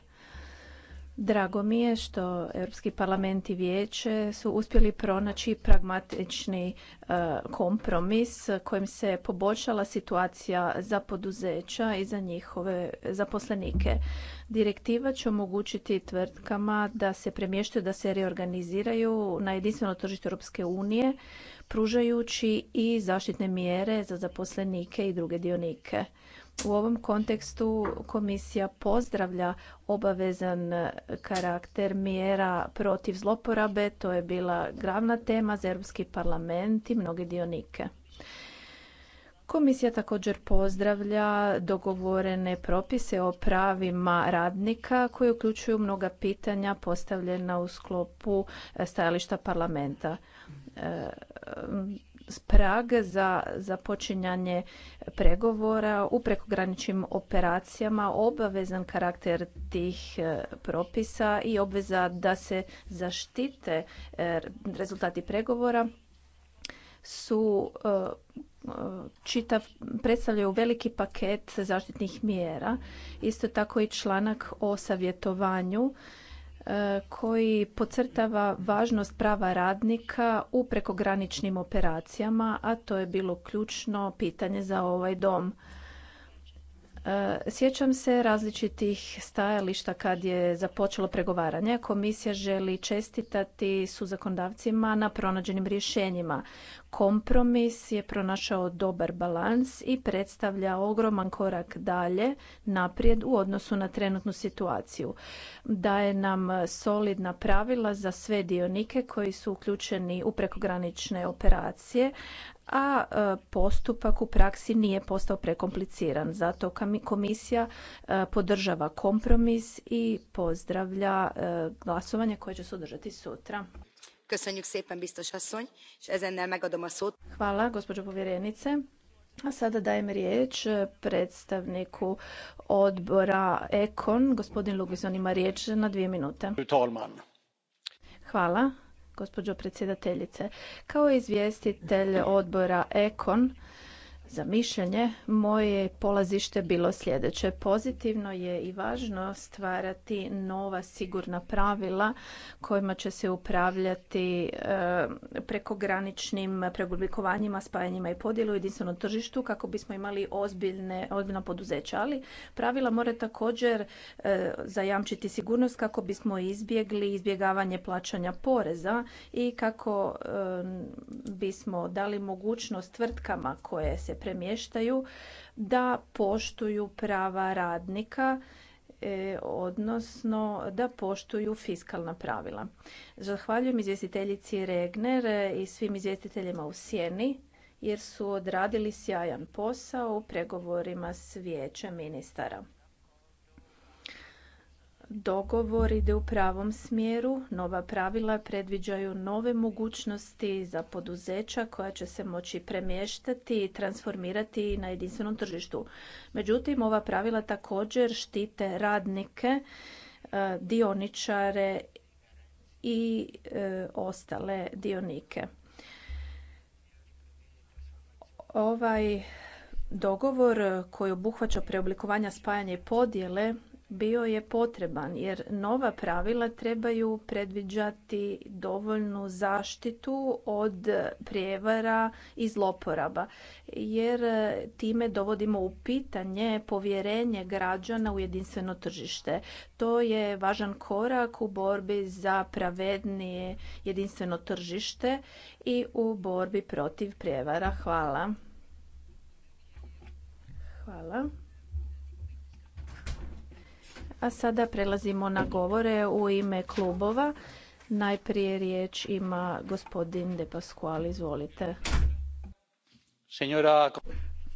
Drago mi je što Europski parlament i vijeće su uspjeli pronaći pragmatični e, kompromis kojim se poboljšala situacija za poduzeća i za njihove zaposlenike. Direktiva će omogućiti tvrtkama da se premještaju, da se reorganiziraju na jedinstveno tržište Europske unije pružajući i zaštitne mjere za zaposlenike i druge dionike. U ovom kontekstu komisija pozdravlja obavezan karakter mjera protiv zloporabe, to je bila glavna tema za Europski parlament i mnoge dionike. Komisija također pozdravlja dogovorene propise o pravima radnika koji uključuju mnoga pitanja postavljena u sklopu stajališta parlamenta prag za započinjanje pregovora u prekograničnim operacijama, obavezan karakter tih e, propisa i obveza da se zaštite e, rezultati pregovora su e, čitav, predstavljaju veliki paket zaštitnih mjera. Isto tako i članak o savjetovanju E, koji podcrtava važnost prava radnika u prekograničnim operacijama, a to je bilo ključno pitanje za ovaj dom. E, sjećam se različitih stajališta kad je započelo pregovaranje. Komisija želi čestitati su na pronađenim rješenjima kompromis je pronašao dobar balans i predstavlja ogroman korak dalje naprijed u odnosu na trenutnu situaciju. Daje nam solidna pravila za sve dionike koji su uključeni u prekogranične operacije, a e, postupak u praksi nije postao prekompliciran. Zato komisija e, podržava kompromis i pozdravlja e, glasovanje koje će se održati sutra. Hvala, gospođo povjerenice. A sada dajem riječ eh, predstavniku odbora Ekon, gospodin Lugison ima riječ na dvije minute. Hvala, gospođo predsjedateljice. Kao izvjestitelj odbora Ekon, za mišljenje, moje polazište bilo sljedeće. Pozitivno je i važno stvarati nova sigurna pravila kojima će se upravljati e, prekograničnim preoblikovanjima, spajanjima i podjelu u jedinstvenom tržištu kako bismo imali ozbiljne, ozbiljna poduzeća. Ali pravila mora također e, zajamčiti sigurnost kako bismo izbjegli izbjegavanje plaćanja poreza i kako e, bismo dali mogućnost tvrtkama koje se premještaju da poštuju prava radnika e, odnosno da poštuju fiskalna pravila. Zahvaljujem izvjestiteljici Regner i svim izvjestiteljima u sjeni jer su odradili sjajan posao u pregovorima s vijećem ministara dogovor ide u pravom smjeru nova pravila predviđaju nove mogućnosti za poduzeća koja će se moći premještati i transformirati na jedinstvenom tržištu međutim ova pravila također štite radnike e, dioničare i e, ostale dionike ovaj dogovor koji obuhvaća preoblikovanja spajanje i podjele bio je potreban jer nova pravila trebaju predviđati dovoljnu zaštitu od prijevara i zloporaba jer time dovodimo u pitanje povjerenje građana u jedinstveno tržište. To je važan korak u borbi za pravednije jedinstveno tržište i u borbi protiv prijevara. Hvala. Hvala. A sada prelazimo na govore u ime klubova. Najprije riječ ima gospodin De Pasquale, izvolite. Senjora...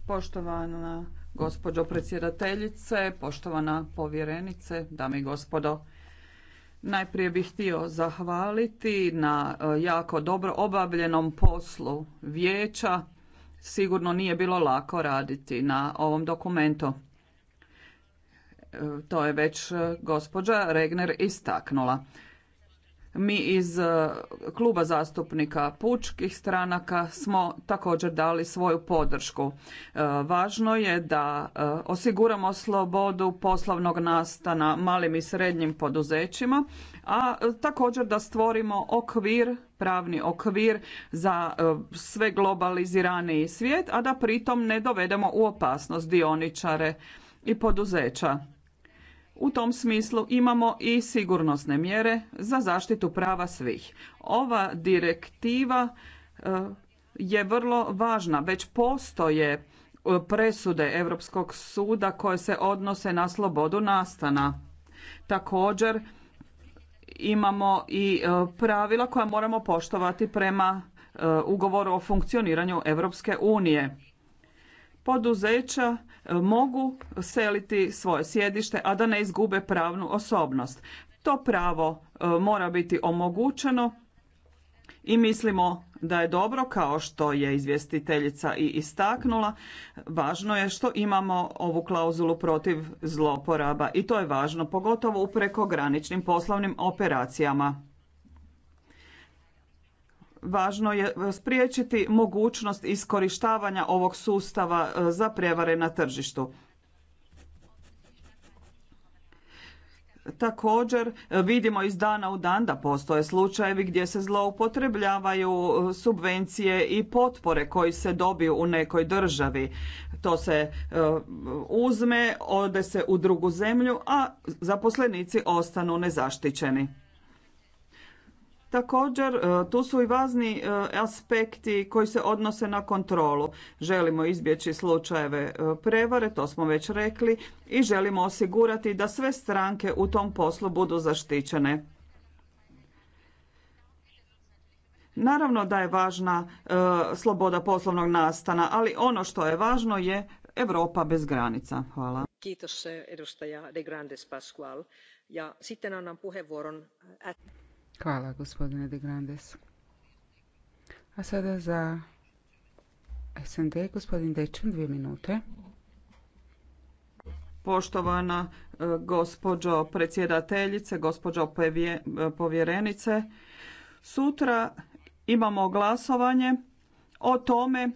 Poštovana gospođo predsjedateljice, poštovana povjerenice, dame i gospodo. Najprije bih htio zahvaliti na e, jako dobro obavljenom poslu vijeća. Sigurno nije bilo lako raditi na ovom dokumentu. To je već e, gospođa Regner istaknula. Mi iz e, kluba zastupnika pučkih stranaka smo također dali svoju podršku. E, važno je da osiguramo slobodu poslovnog nastana malim i srednjim poduzećima, a također da stvorimo okvir, pravni okvir za sve globaliziraniji svijet, a da pritom ne dovedemo u opasnost dioničare i poduzeća. U tom smislu imamo i sigurnosne mjere za zaštitu prava svih. Ova direktiva e, je vrlo važna. Već postoje e, presude Europskog suda koje se odnose na slobodu nastana. Također imamo i e, pravila koja moramo poštovati prema ugovoru o funkcioniranju Europske unije poduzeća e, mogu seliti svoje sjedište, a da ne izgube pravnu osobnost. To pravo e, mora biti omogućeno i mislimo da je dobro, kao što je izvjestiteljica i istaknula, važno je što imamo ovu klauzulu protiv zloporaba i to je važno, pogotovo u prekograničnim poslovnim operacijama. Važno je e, spriječiti mogućnost iskorištavanja ovog sustava e, za prijevare na tržištu. Također e, vidimo iz dana u dan da postoje slučajevi gdje se zloupotrebljavaju subvencije i potpore koji se dobiju u nekoj državi. To se uzme, ode se u drugu zemlju, a zaposlenici ostanu nezaštićeni. Također, e, tu su i važni e, aspekti koji se odnose na kontrolu. Želimo izbjeći slučajeve e, prevare, to smo već rekli, i želimo osigurati da sve stranke u tom poslu budu zaštićene. Naravno da je važna sloboda poslovnog nastana, ali ono što je važno je Europa bez granica. Hvala. Kiitos edustaja De Grandes Pascual. Ja sitten annan puheenvuoron... Hvala, gospodine De Grandes. A sada za SND, gospodin Dečan, dvije minute. Poštovana e, gospođo predsjedateljice, gospođo e, povjerenice, sutra imamo glasovanje o tome